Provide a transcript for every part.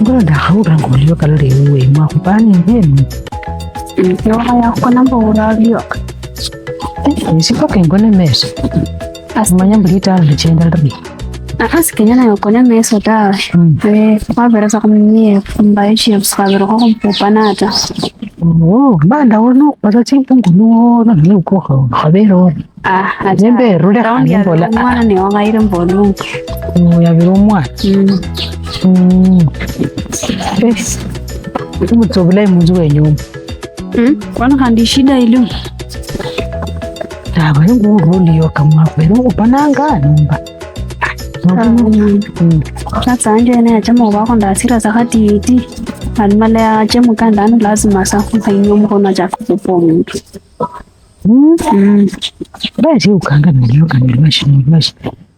Mbona ndahawura ngu ulioka luliwe mwakubani ngenu yoha yakwa namba uralioka isipoke ngone meso manya mbuli itala ndichenda labi akasikinyana yokone meso tawe kwaveresa kumnyie kumbaiciye kusikavira kwakumpupanata mba ndawona okupasa chimpungunuona niukoha ukhavereona nemberulekhanembola mwana niwakaire mbolungu yavira omwana umutse obulayi munju wenyuma kwanakandi ishida ili tawaenguuliyokamwaveruupananganumba natsanjene achema ubako ndaasira zakhatiiti alimala achemuka ndanu lazima safuha inyo mkono achakukupa mtu basi ukanga naliokanilwashi nilwashi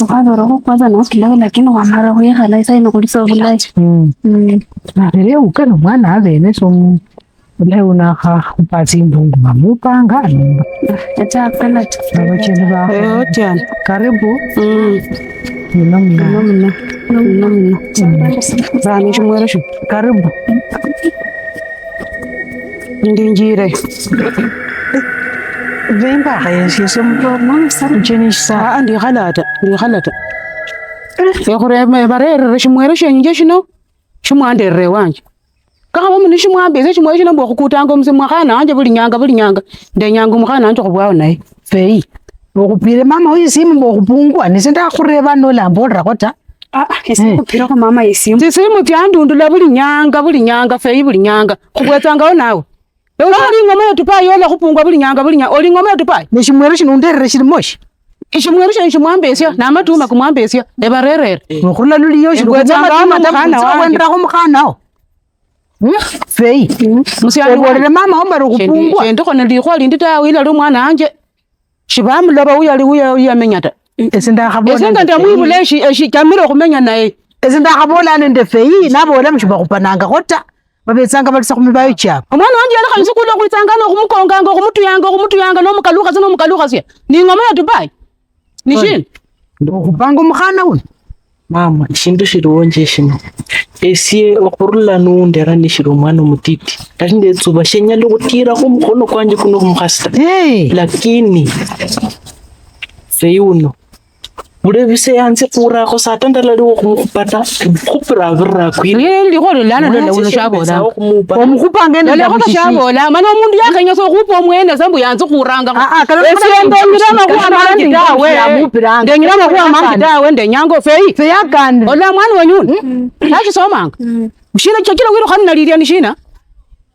Wakati roho kwanza na kila lakini wa mara huya hala isa inakulisa ulai. Mm. Na leo ukana mwana avene so leo na ha upasi mbungu mamupa ngani. Acha kana tuwe chini Yote karibu. Mm. Nina mna. Nina mna. Nina mna. Zani shumwere shu. Karibu. Ndinjire. باغي يا سي ما عندي غلطة عندي غلطة يا خري برير shimwero shenje shino shimwanderere wanje kakaba muno shimwambise shimwero shino mbu okhukutanga omuse mwakhana wanje buli nyanga buli nyanga ndenyanga omukhana wanje khubwawo naye feyi okhupire mama we isimu ah, ah, eh. mbu okhupungua nise ndakhureba nolambolerakho ta tsisimu tyandundula buli nyanga buli nyanga feyi buli nyanga khubwetsangawo nawe oling'oma yotupa yola khupungwa buli nyanga buli nyanga oling'oma yotupa neshimwero shino underere shili moshi ishimwero shino shimwambesya namatuma kumwambesya ebarerere eh. nokhurula luliyo shiwendrakho mukhanao hmm? fei hmm? musyaliborere mama omari khupungwa shendikho nelikhwa lindi tawe ilali omwana anje shibamuloba uyali uyamenya ta hmm. ese nga ndamwibula eshichamire khumenya naye ese ndakhabola nende fei nabola mushibakhuphanangakho ta babetsanga balisa khumibayochaba omwana wanje yalekha isukulu okhwitsangana okhumukonganga okhumutuyanga okhumutuyanga nomukalukhasia nomukalukhasia ningoma ya dubai nishina ndokhupanga omukhana uno mama shindu shiliwonje shino esie okhurula nundera nishiri omwana omutiti lati ndetsuba shenyala khutirakho omukhono kwanje kuno khumukhasi ta lakini feyuno bulebise yantse ura go satandala le go mopata khupira bira kwile le le go lana le le shabola o mukupanga le go shabola mana umuntu yakanya so kupa mwene sambu yanze kuranga a a kana ndo mirana ku amangi dawe ndo mirana ku amangi dawe ndo nyango fei fei yakanda ola mwana wanyuni nachi somanga ushina chakila wiro khanna lilia ni shina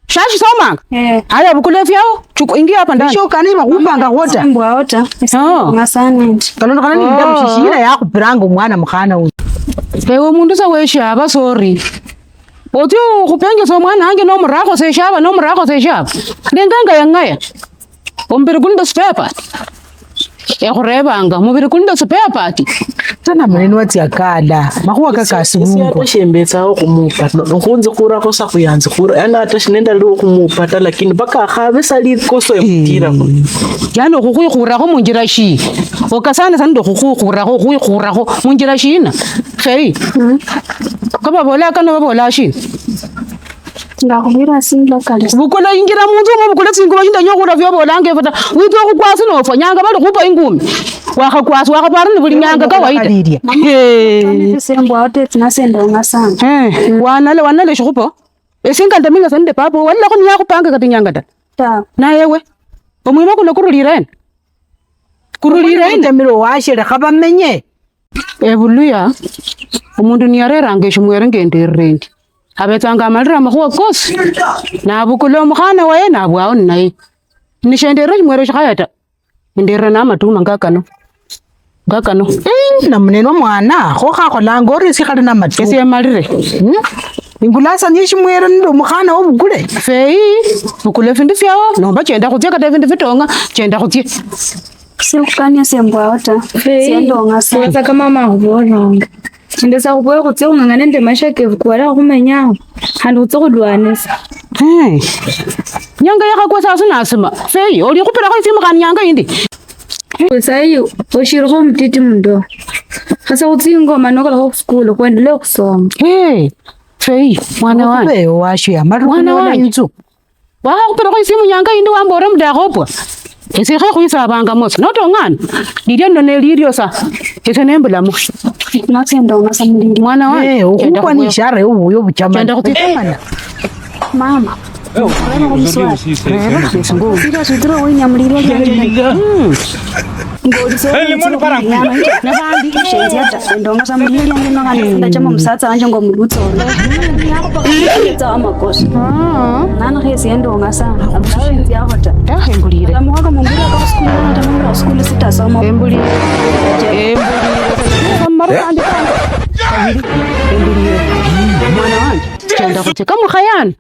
Shashi soma. Eh. Haya bukule vyao. Chuko ingia hapa ndani. Shoka nini makupanga wota. Mbwa wota. Oh. Ngasani. kana ni oh. ndamu shishira ya kupirango mwana mkhana uyu. Bewe mundu sa weshi aba sorry. Oti ukupenge so mwana ange no mrako se shaba no mrako se shaba. Ndenganga yangaya. Ombere kundo spepa ekurebanga muviri kulindosopeya pati tana maneno ati akada makuwa kakasimungu shembetsawo khumupa khunzi khurakosa khuyanzi khura yani ata shinenda khumupa ta lakini paka akhavesa likoso emutirako eh. yani okhukhuikhurakho munjira shi okasana sana nde okhukhuikhurakho okhwikhurakho munjira shina kheri hmm? kabavola kano shina ngakubwira sindlokale bukula ingira munzu mwo bukula tsingubo shinda nyokula vyo bolange vata witwa kukwasa no fanyanga bali kupa ingumi wakakwasa wakatwara ni buli nyanga kawaida eh sembo ate esinga ndaminga sande papo wala ko niya kupanga nyanga ta na yewe omwimo kuno kurulirene kurulirene miro washire khabamenye omundu niyareranga eshimwere ngendererendi avetwanga amalira makhuwa kosi navukula omukhana waye navwao nnaye nishendeera shimwero shikhaya ta endeera na matuma ngakano ngakano namunene omwana khokhakholanga ori sikhali na matuma esie malire hmm? ingulasanya shimwero nende omukhana wovukule feyi vukula vindu fyao nomba chenda khutsia kata vindu vitonga chenda khutsia silukukania sembwao ta sendonga sa kama mahuvoranga endesa khupoya khutsia khung'ang'ana nende maisha kevu kuwala khumenyaa khandi khutsa khulwanisa nyanga yakhakwa e feyi olikhupirakho isimu khani nyanga indi sayi e, oshilikho omutiti mundo khasa khutsingoma nokalakho khusukulu khuendelee khusoma feyi mwana waneeyo washoya isimu nyanga indi e wambora mudakhopwa ese khekhuisabanga mosi notong'ana lilyo nno sa ese nembulamo Mwana wangu eh, huko ni ishara huyo huyo mchama. Anaenda kututamana. Eh. Mama. Embulire. Eh, Eh? mwanawanje chenda kucheka mukhayani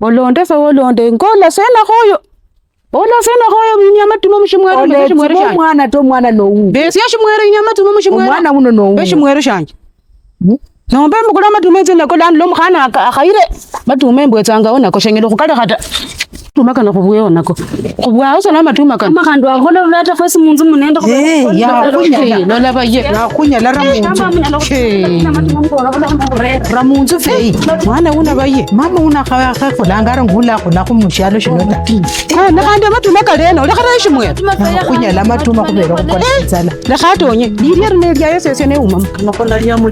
olondesa wolonde ngola sena khoyo ola sena khoyo inyama tuma mushimweroshimweroshanje to mwana nowu besi yashimwero inyama tuma mushimweromwana uno nowu eshimwero shanje hmm? nombe mukula matuma etsinako lano lomukhana akhaire matuma embwetsangao nako shenyela khukalekha ta tumakana khuvuyeona ko khuvwa usalama tumakana makhandi wakhola fasi munzu munenda lola vaye ramunzu feyi mwana una mama una khakholanga ari mushalo shino ta nakhandi amatuma kalena olekharee matuma khuvere khukola itsala lekhatonye lirya rino lyayo sesyo neumamo